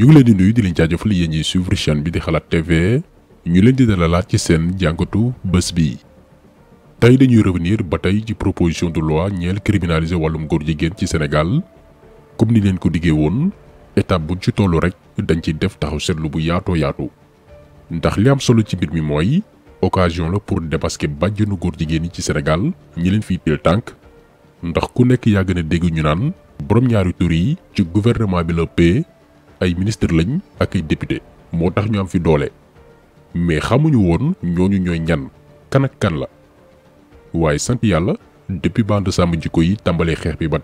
ñu ngi leen di nuyu di leen jaajëfal yéen ñiy suivre chaîne bi di xalaat tv ñu leen di dalalaat ci seen jàngatu bés bi tey dañuy revenir ba tey ci proposition de loi ñeel criminaliser wàllum góor jigéen ci sénégal comme ni leen ko diggee woon étape bu ci tollu rek dañ ci def taxaw seetlu bu yaatoo yaatu ndax li am solo ci mbir mi mooy occasion la pour démasquer bàjjenu góor jigéen yi ci sénégal ñi leen fiy teel tànk ndax ku nekk yaa na dégg ñu naan borom ñaari tur yi ci gouvernement bi la paix ay Minister lañ ak ay député motax ñu am fi doolé mais xamuñu woon ñooñu ñoy ñan kan ak kan la way sant yalla depuis bande sam jikko yi tambalé xex bi ba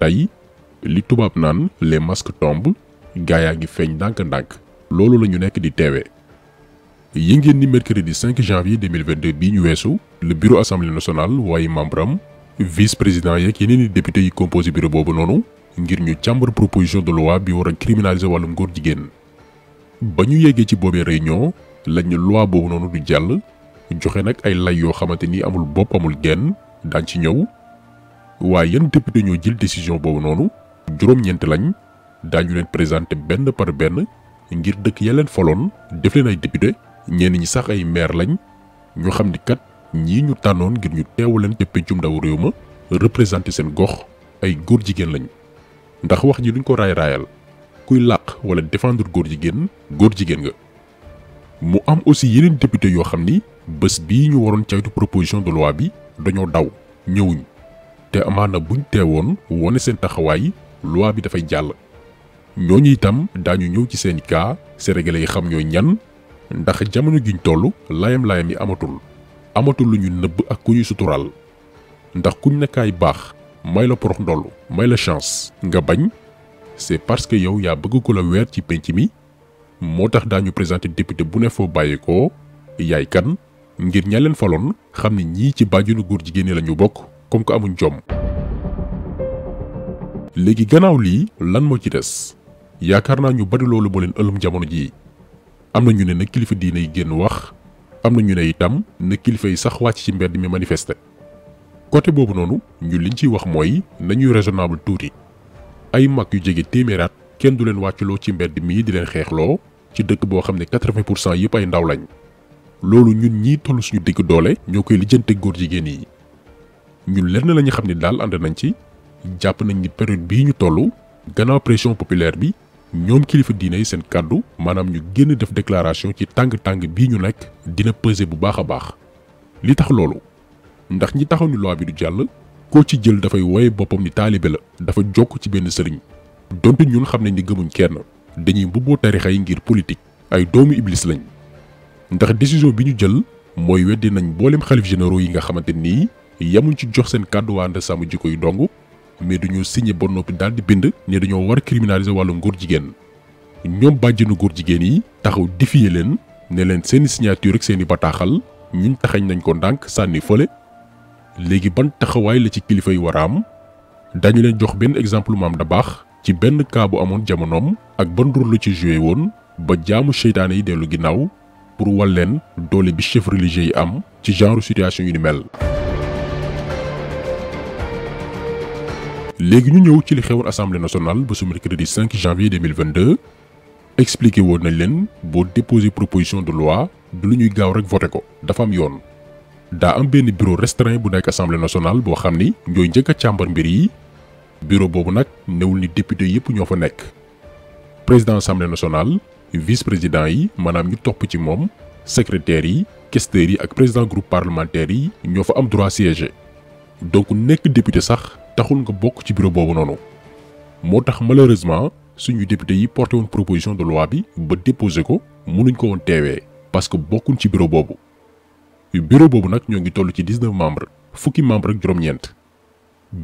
li tubab nan les masques tombent gaaya gi feñ dank dank loolu nekk di téwé ni mercredi 5 janvier 2022 bi ñu wessu le bureau assemblée nationale way membre vice président yeeg yeneen député yi composé bureau bobu ngir ñu càmbar proposition de loi bi war a criminaliser wàllum góor jigéen ba ñu yeggee ci boobee réunion lañu loi boobu noonu du jàll joxe nag ay lay yoo xamante ni amul bopp amul genn daan ci ñëw waaye yan député ñoo jël décision boobu noonu juróom-ñeent lañ daañu leen présenter benn par benn ngir dëkk ya leen faloon def leen ay député ñenn ñi sax ay maire lañ ñu xam ni kat ñii ñu tànnoon ngir ñu leen ca pencum ndaw réew ma représenter seen gox ay góor jigéen lañ. ndax wax ji duñ ko raay raayal kuy làq wala défendre góor jigéen góor jigéen nga mu am aussi yeneen député yoo xam ni bés bii ñu waroon caytu proposition de loi bi dañoo daw ñëwuñ te amaana buñ teewoon wone seen taxawaay loi bi dafay jàll ñooñu itam daañu ñëw ci seen cas sénégalais yi xam ñooy ñan ndax jamono giñ toll layam-layam yi amatul amatul lu ñu nëbb ak ku ñuy sutural ndax kuñ ne may la porox ndollu may la chance nga bañ c'est parce que yow yaa bëgg ko la weer ci penc mi moo tax daañu présenté député bu ne foo bàyyeekoo yaay kan ngir ña leen faloon xam ne ñii ci bàjjunu góor jigéen la ñu bokk comme que amuñ jom. léegi gannaaw lii lan moo ci des yaakaar naa ñu bari loolu moo leen ëlum jamono ji am na ñu ne na kilifa diine yi génn wax am na ñu ne itam na kilifa yi sax wàcc ci mbedd mi manifeste côté boobu noonu ñu liñ ciy wax mooy nañuy raisonnable tuuti ay mag yu jege téeméeraat kenn du leen wàcculoo ci mbedd mii di leen xeexloo ci dëkk boo xam ne 80 pour cent yëpp ay ndaw lañ loolu ñun ñii toll suñu digg doole ñoo koy lijjante góor jigéen yi ñun lenn lañu xam ne daal ànd nañ ci jàpp nañ ni période bii ñu toll gannaaw pression populaire bi ñoom kilifa diine yi seen kàddu maanaam ñu génn def déclaration ci tàng-tàng bii ñu nekk dina peser bu baax a baax li tax loolu. ndax ñi taxaw ni loi bi du jàll koo ci jël dafay wooye boppam ni taalibe la dafa jokk ci benn sëriñ donte ñun xam nañ ni gëmuñ kenn dañuy mbubboo tarixa yi ngir politique ay doomu iblis lañ ndax décision bi ñu jël mooy weddi nañ mboolem xalif généraux yi nga xamante nii yamuñ ci jox seen kàddu sàmm jikko yi dong mais dañoo signé ba noppi daal di bind ne dañoo war criminaliser wàllu ngóor jigéen ñoom bàjjenu góor jigéen yi taxaw défier leen ne leen seeni signature ak seeni bataaxal ñun taxañ nañ ko ndànk sànni fële léegi ban taxaway la ci kilifa yi war am dañu leen jox benn exemple maam da baax ci benn cas bu amoon jamonoom ak ban rôle ci joué woon ba jaamu seytaane yi delu ginnaaw pour wal leen doole bi chef religieux yi am ci genre situation yu ni mel. léegi ñu ñëw ci li xewoon assemblée nationale ba su mercredi 5 janvier 2022 expliqué woon nañ leen boo déposé proposition de loi du lu ñuy gaaw rek voté ko dafa am yoon. daa am benn bureau restreint bu nekk assemblée nationale boo xam ni ñooy njëkk a càmbar mbir yi bureau boobu nag newul ni député yëpp ñoo fa nekk président assemblée nationale vice président yi maanaam ñu topp ci moom secrétaire yi questeurs yi ak président groupe parlementaire yi ñoo fa am droit siéger donc nekk député sax taxul nga bokk ci bureau boobu noonu moo tax malheureusement suñu député yi porté woon proposition de loi bi ba déposé ko mënuñ ko woon teewee parce que bokkuñ ci bureau boobu bureau boobu nag ñoo ngi tollu ci 19 membres fukki membre ak juróom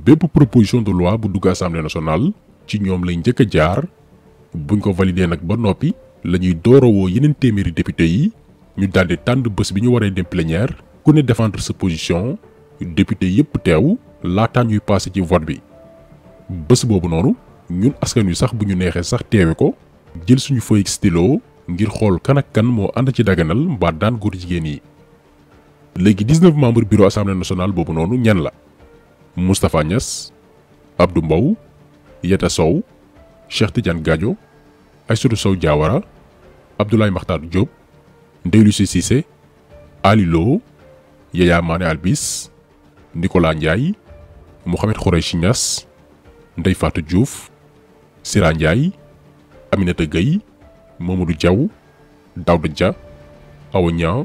bépp proposition de loi bu dugg assemblée nationale ci ñoom lay njëkk a jaar buñ ko validé nag ba noppi la ñuy doorowoo yeneen téeméeri député yi ñu daldi tànn bés bi ñu waree dem plénière ku ne défendre sa position député yépp teew laataan ñuy passé ci vote bi bés boobu noonu ñun askan wi sax bu ñu neexee sax teewe ko jël suñu feuille stylo ngir xool kan ak kan moo ànd ci daganal mbaa daan góor jigéen yi. Lagi 19 membres bureau assemblée nationale bobu nonu ñan la mustapha Niass Abdou mbaw Yata Sow Cheikh Tidiane Gadio Aïssatou Sow Diawara Abdoulaye Makhtar Diop Ndeye Cissé Ali Lo Yaya Mané Albis Nicolas Ndiaye Mohamed Khoureychi Niass ndey Fatou Diouf Sira Ndiaye Aminata Gayi, Mamadou Diaw Daouda Dia awo Niang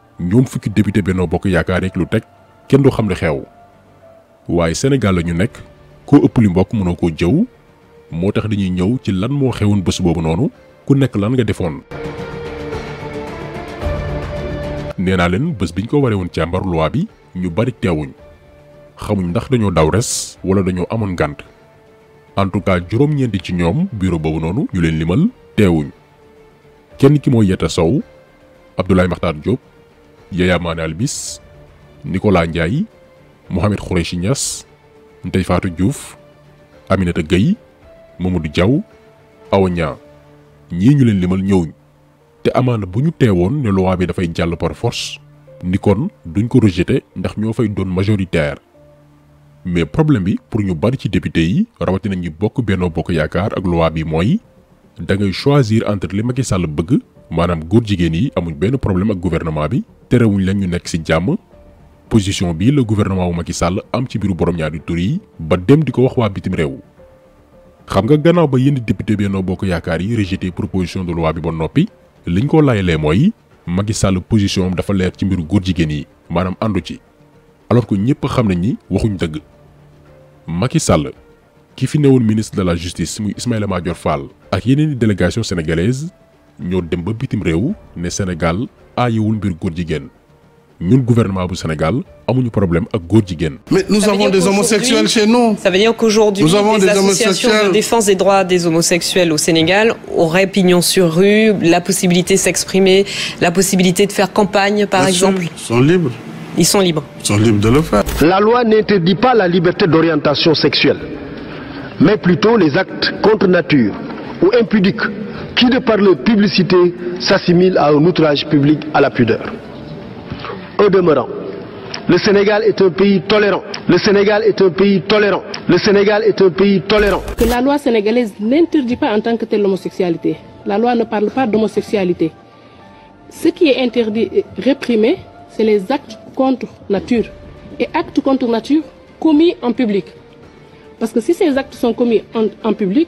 ñoom fukki député Benno Bokk Yaakaar rek lu teg kenn du xam li xew waaye Sénégal la ñu nekk koo ëpp li mbokk mënoo koo jëw moo tax dañuy ñëw ci lan moo xewoon bés boobu noonu ku nekk lan nga defoon. nee naa leen bés biñ ko waree woon càmbar loi bi ñu bari teewuñ xamuñ ndax dañoo daw res wala dañoo amoon ngànt en tout cas juróom-ñeenti ci ñoom bureau boobu noonu ñu leen limal teewuñ kenn ki mooy Yeta Sow Abdoulaye Makhtar Diop. Yaya Mané Albis Nicolas Ndiaye Mohamed Khoureychi Niass Ndeye Fatou Diouf Aminata Gueye Mamadou Diaw Awa Niang ñii ñu leen limal ñëwuñ te amaana bu ñu teewoon ne loi bi dafay jàll par force ni kon duñ ko rejeté ndax ñoo fay doon majoritaire mais problème bi pour ñu bari ci député yi rawatina ñi bokk Benno Bokk Yaakaar ak loi bi mooy dangay ngay choisir entre li Macky Sall bëgg manam góor jigéen yi amuñ benn problème ak gouvernement bi terewuñ leen ñu nek ci jamm position bi le gouvernement wu Macky Sall am ci biiru borom ñaari tur yi ba dem diko wax wa bitim rew xam nga gannaaw ba yenn député Benno Bokk yaakar yi rejeter proposition de loi bi bon nopi liñ ko layelé moy Macky Sall position am dafa leer ci biiru góor jigéen yi manam andu ci alors que ñepp xam nañ ni waxuñ dëgg Macky Sall ki fi ministre de la justice muy Ismaïla Madior Fall ak yeneen délégation sénégalaise mais nous avons des homosexuels chez nous. ça veut dire qu'aujourd'hui les associations de défense des droits des homosexuels au Sénégal auraient pignon sur rue la possibilité de s'exprimer la possibilité de faire campagne par exemple. ils sont libres. ils sont libres. ils sont libres de le faire. la loi n'interdit pas la liberté d'orientation sexuelle mais plutôt les actes contre nature ou impudiques qui, de par leur publicité, s'assimile à un outrage public à la pudeur. Au demeurant, le Sénégal est un pays tolérant. Le Sénégal est un pays tolérant. Le Sénégal est un pays tolérant. Que la loi sénégalaise n'interdit pas en tant que telle l'homosexualité. La loi ne parle pas d'homosexualité. Ce qui est interdit et réprimé, c'est les actes contre nature. Et actes contre nature commis en public. Parce que si ces actes sont commis en public,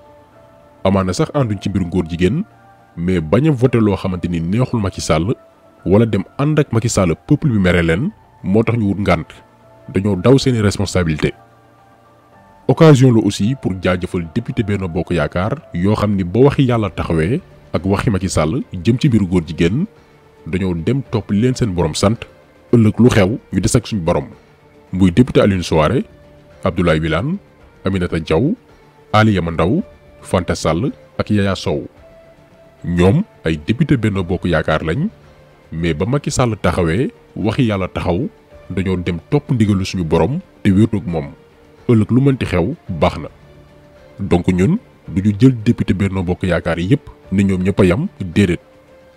amana sax andu ci mbiru ngor jigen mais baña voté lo xamanteni neexul Macky Sall wala dem andak Macky Sall peuple bi mere leen motax ñu wut ngant dañu daw seen responsabilité occasion lo aussi pour jaajeufal député Beno Bok yaakaar yo xamni bo waxi yalla taxawé ak waxi Macky Sall jëm ci ngor jigen dañu dem top leen seen borom sant ëllëg lu xew ñu dess ak suñu borom muy député Aline Soare Abdoulaye Bilane Aminata Diaw Ali Yamandaw Fanta Sall ak Yaya Sow ñoom ay député benn Bokk Yaakaar lañ mais ba Macky sàll taxawee waxi yàlla taxaw dañoo dem topp ndigalu suñu borom te wéetoog moom ëllëg lu mënti xew baax na donc ñun du ñu jël député benn Bokk Yaakaar yépp ne ñoom ñëpp a yam déedéet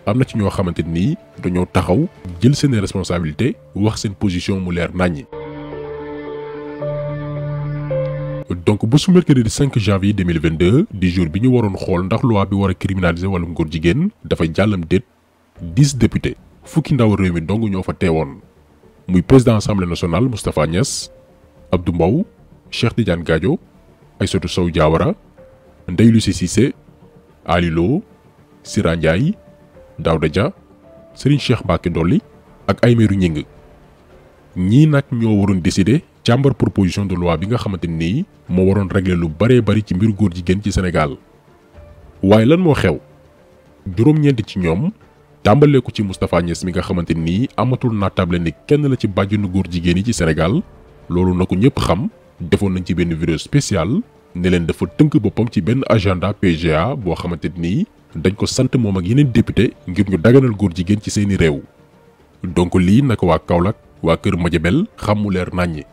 am na ci ñoo xamante nii dañoo taxaw jël seeni responsabilité wax seen position mu leer naññi donc bu mercredi 5 janvier 2022 di jour bi ñu waroon xool ndax loi bi wara a criminaliser wàllum góor jigéen dafa jallam déet 10 députés fukki ndaw rewmi mi dong ñoo fa teewoon muy président assemblée nationale Moustapha Niass Abdou Mbaw Cheikh Tidiane Gadio Aissatou Sow Diawara Ndeye Lucie Cissé Ali Lo Sira Ndiaye Daouda Dia Serigne Cheikh Mbacké Dolly ak Aymérou Ñing ñi nak ñoo waroon décider càmbar proposition de loi bi nga xamante nii moo waroon régler lu baree bari ci mbir góor jigéen ci Sénégal waaye lan moo xew juróom ci ñoom tàmbalee ko ci Moustapha Niass mi nga xamante ni amatul naatable ni kenn la ci bàjjenu góor jigéen yi ci Sénégal loolu na ko ñëpp xam defoon nañ ci benn vidéo spéciale ne leen dafa tënk boppam ci benn agenda PGA boo xamante nii dañ ko sant moom ak yeneen député ngir ñu daganal góor jigéen ci seeni réew donc lii naka waa Kaolack waa Kër Madiabel xam leer naññi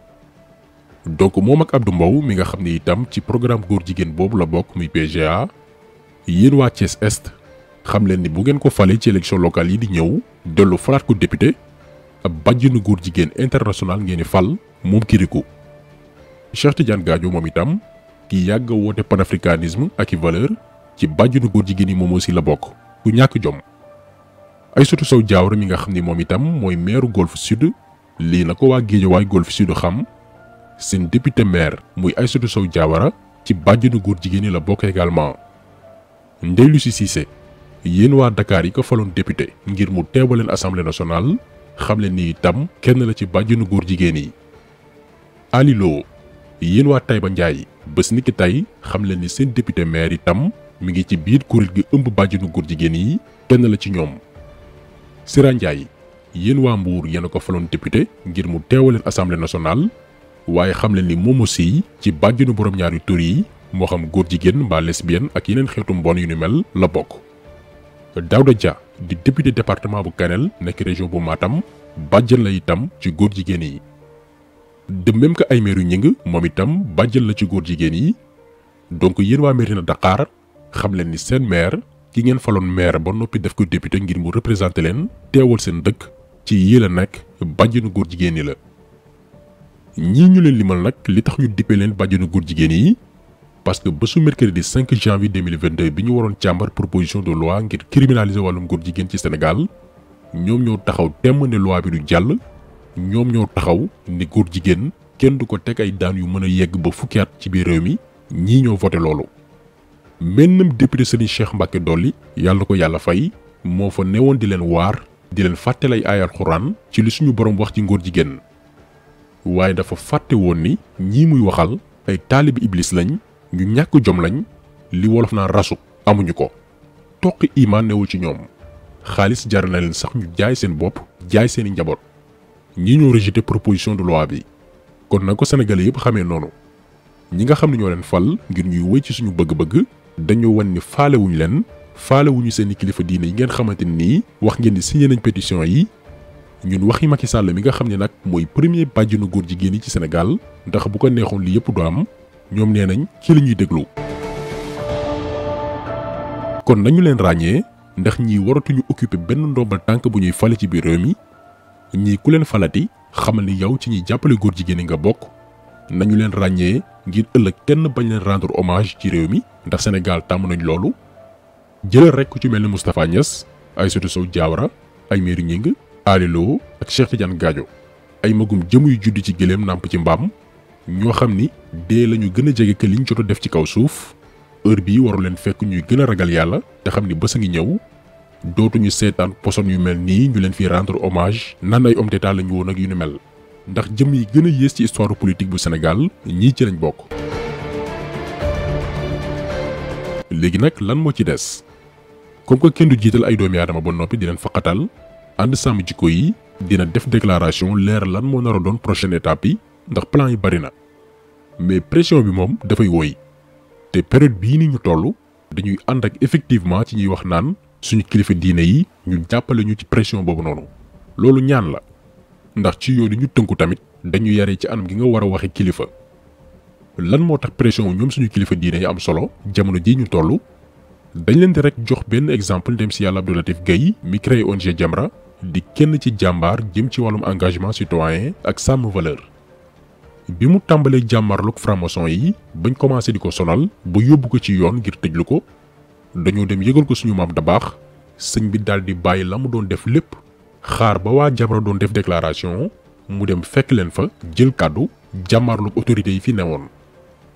donc moom ak Abdou Mbow mi nga xam ni itam ci programme góor jigéen boobu la bokk muy PGA yéen waa Thiès Est xam leen ni bu ngeen ko fale ci élection locale yi di ñëw dellu falaat ko député ab bàjjenu góor jigéen international ngeen di fal moom Kirikou Cheikh Tidiane Gadio moom itam ki yàgg woote panafricanisme ak i valeur ci bàjjenu góor jigéen yi moom aussi la bokk ku ñàkk jomm ay Aïssatou Sow Diawara mi nga xam ni moom itam mooy meeru Golf Sud lii na ko waa Guédiawaye Golf Sud xam seen député maire muy Aïssatou Sow Diawara ci bàjjenu góor jigéen yi la bokk également. Ndeye Lucie Cissé yéen waa Dakar yi ko faloon député ngir mu teewal leen assemblée nationale xam leen ni itam kenn la ci bàjjenu góor jigéen yi. Ali Lo yéen waa Taïba Ndiaye bés ni ki tey xam leen ni seen député maire itam mu ngi ci biir kuréel gi ëmb bàjjenu góor jigéen yi kenn la ci ñoom. Sira Ndiaye yéen waa Mbour yéen a ko faloon député ngir mu teewal leen assemblée nationale waaye xam leen ni moom aussi ci bàjjenu borom ñaari tur yi moo xam góor jigéen mbaa lesbienne ak yeneen xeetu mbon yu ni mel la bokk. Daouda Dia di député département bu Kanel nekk région bu maatam bàjjen la itam ci góor jigéen yi. de même que ay meeru ñing moom itam bàjjen la ci góor jigéen yi donc yéen waa Mérina daqaar xam leen ni seen maire ki ngeen faloon maire ba noppi def ko député ngir mu représenté leen teewal seen dëkk ci yii la nekk bàjjenu góor jigéen yi la. ñi ñu leen limal nag li tax ñu dippee leen bàjjenu góor jigéen yi parce que ba su mercredi 5 janvier 2022 bi ñu waroon càmbar proposition de loi ngir criminaliser wàllum góor jigéen ci Sénégal ñoom ñoo taxaw temm ne loi bi du jàll ñoom ñoo taxaw ne góor jigéen kenn du ko teg ay daan yu mën a yegg ba fukki at ci biir réew mi ñii ñoo voté loolu. mennam député Serigne Cheikh Mbacke Dolly yàlla ko yàlla fay moo fa newoon di leen waar di leen fàttali ay aayal xuraan ci li suñu borom wax ci ngóor jigéen. waye dafa fatte won ni ñi muy waxal ay talib iblis lañ ñu ñak jom lañ li wolof na rasu amuñu ko tok iman newul ci ñom khalis jar na len sax ñu jaay seen bop jaay seen njabot ñi ñu rejeter proposition de loi bi kon na ko sénégalais ñi nga xamni ñoo len fal ngir ñuy wëy ci suñu bëgg-bëgg dañu wan ni len leen wuñu seen kilifa diiné ngeen xamanteni ni wax ngeen ni signé nañ pétition yi ñun waxi Macky Sall mi nga xamni nak moy premier bàjjenu góor jigéen yi ci Sénégal ndax bu ko neexon li yépp do am ñom nenañ ci liñuy déglu kon nañu leen rañé ndax waratu ñu occuper benn ndombal tank bu ñuy falé ci biir réew mi ñi ku leen falati xamal ni yow ci ñi jappalé goor jigéen yi nga bok nañu leen rañé ngir ëlëk kenn bañ leen rendre hommage ci réew mi ndax Sénégal tam nañ loolu jël rek ku ci melni Moustapha Niass sotu Sow Diawara ay mairie ñing Ali Lo ak Cheikh Tidiane Gadio ay magum jëm yu judd ci gellem namp ci mbam ño xamni ni lañu gëna ñu ke liñ jot a def ci kaw suuf heure bi waru leen fekk ñuy gëna ragal yalla te xamni bëss nga dootu ñu sétane poson yu mel ni ñu leen fi rendre hommage nan ay homme d'état lañu won ak yu ñu mel ndax jëm yi gëna yees ci histoire politique bu Sénégal ñi ci lañ bok nak lan mo ci des comme ko kenn jital ay doomi adama bo nopi di leen faqatal ànd sàmm yi dina def déclaration leer lan mo nar doon prochaine étape yi ndax plan yi bari na mais pression bi da fay woy te période bi ni ñu tollu dañuy and ak effectivement ci ñuy wax naan suñu kilifa diine yi ñu jàppale ñu ci pression bobu nonu lolu ñaan la ndax ci yooyu ñu tënku tamit dañu yare ci anam gi nga wara waxe kilifa lan mo tax pression ñom suñu kilifa diine yi am solo jamono ji ñu tollu dañ leen di rek jox ben exemple dem si yalla Abdou Latif gay mi créé ONG Jamra di kenn ci jàmbaar jëm ci wàllum engagement citoyen ak sàmm valeur bi mu tàmbalee jàmbaarluk franc yi bañ commencé di ko sonal ba yóbbu ko ci yoon ngir tëjlu ko dañoo dem yëgal ko suñu maam da baax sëñ bi daal di bàyyi la mu doon def lépp xaar ba waa Jamra doon def déclaration mu dem fekk leen fa jël kàddu jàmbaarluk autorités yi fi ne woon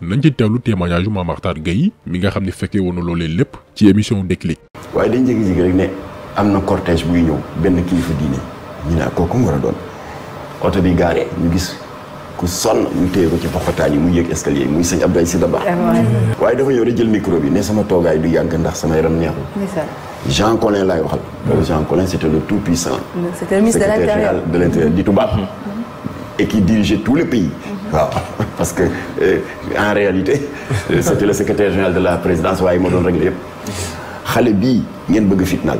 nañ ci teewlu témoignage Mame Makhtar Gueye mi nga xam ne fekkee woon na loolee lépp ci émission Déclic. waaye dañ jékki-jékki rek ne. amna cortège buy ñëw benn kilifa diine ñu ne kooku mu war a doon oto bi gaare ñu gis ku sonn ñu téye ko ci poxotaan yi muy yëg escalier muy sëñ Abdoulaye Sy Dabakh eh waaye dafa ñëw de jël micro bi ne sama toogaay du yàgg ndax sama yaram neexul Jean Collin lay waxal Jean Collin c'était le tout puissant c'était le ministre de l'intérieur di tubaab mm-hmm. et qui dirigeait tout le pays mm-hmm. waaw parce que euh, en réalité c'était le secrétaire général de la présidence waaye moo doon réglé yëpp xale bii ngeen bëgg fitnal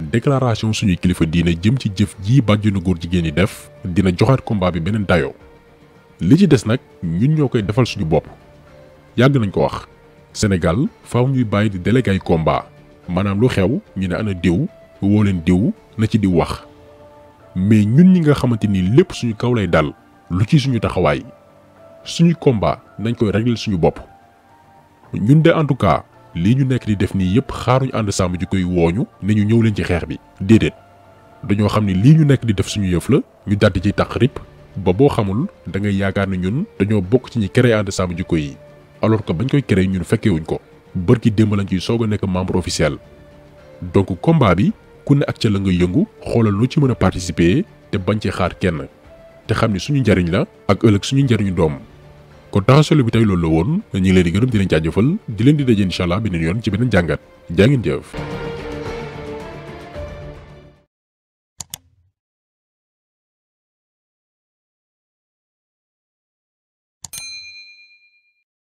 déclaration suñuy kilifa diine jëm ci jëf ji bàjjenu góor jigéen yi def dina joxaat combat bi beneen dayoo li ci des nag ñun ñoo koy defal suñu bopp yàgg nañ ko wax Sénégal faaw ñuy bàyyi di délégué ay combat maanaam lu xew ñu ne ana diw woo leen diw na ci diw wax mais ñun ñi nga xamante ni lépp suñu kaw lay dal lu ci suñu taxawaay suñuy combat nañ koy régler suñu bopp ñun de en tout lii ñu nekk di def nii yëpp xaaruñu ànd sàmm ji koy wooñu ne ñu ñëw leen ci xeex bi déedéet dañoo xam ne lii ñu nekk di def suñu yëf la ñu daldi ci tax rip ba boo xamul da ngay yaakaar ne ñun dañoo bokk ci ñu créé ànd sàmm ji koy yi alors que bañ koy créé ñun fekkewuñ ko bërki démb lañ ciy soog a nekk membre officiel donc combat bi ku ne ak ca la nga yëngu xoolal lu ci mën a participer te bañ ci xaar kenn te xam ni suñu njariñ la ak ëllëg suñu njariñu doom kon tension bi tey loolu la woon ñu leen di gërëm di leen jaajëfal di leen di daje incha allah beneen yoon ci beneen jàngat jaa ngeen jëf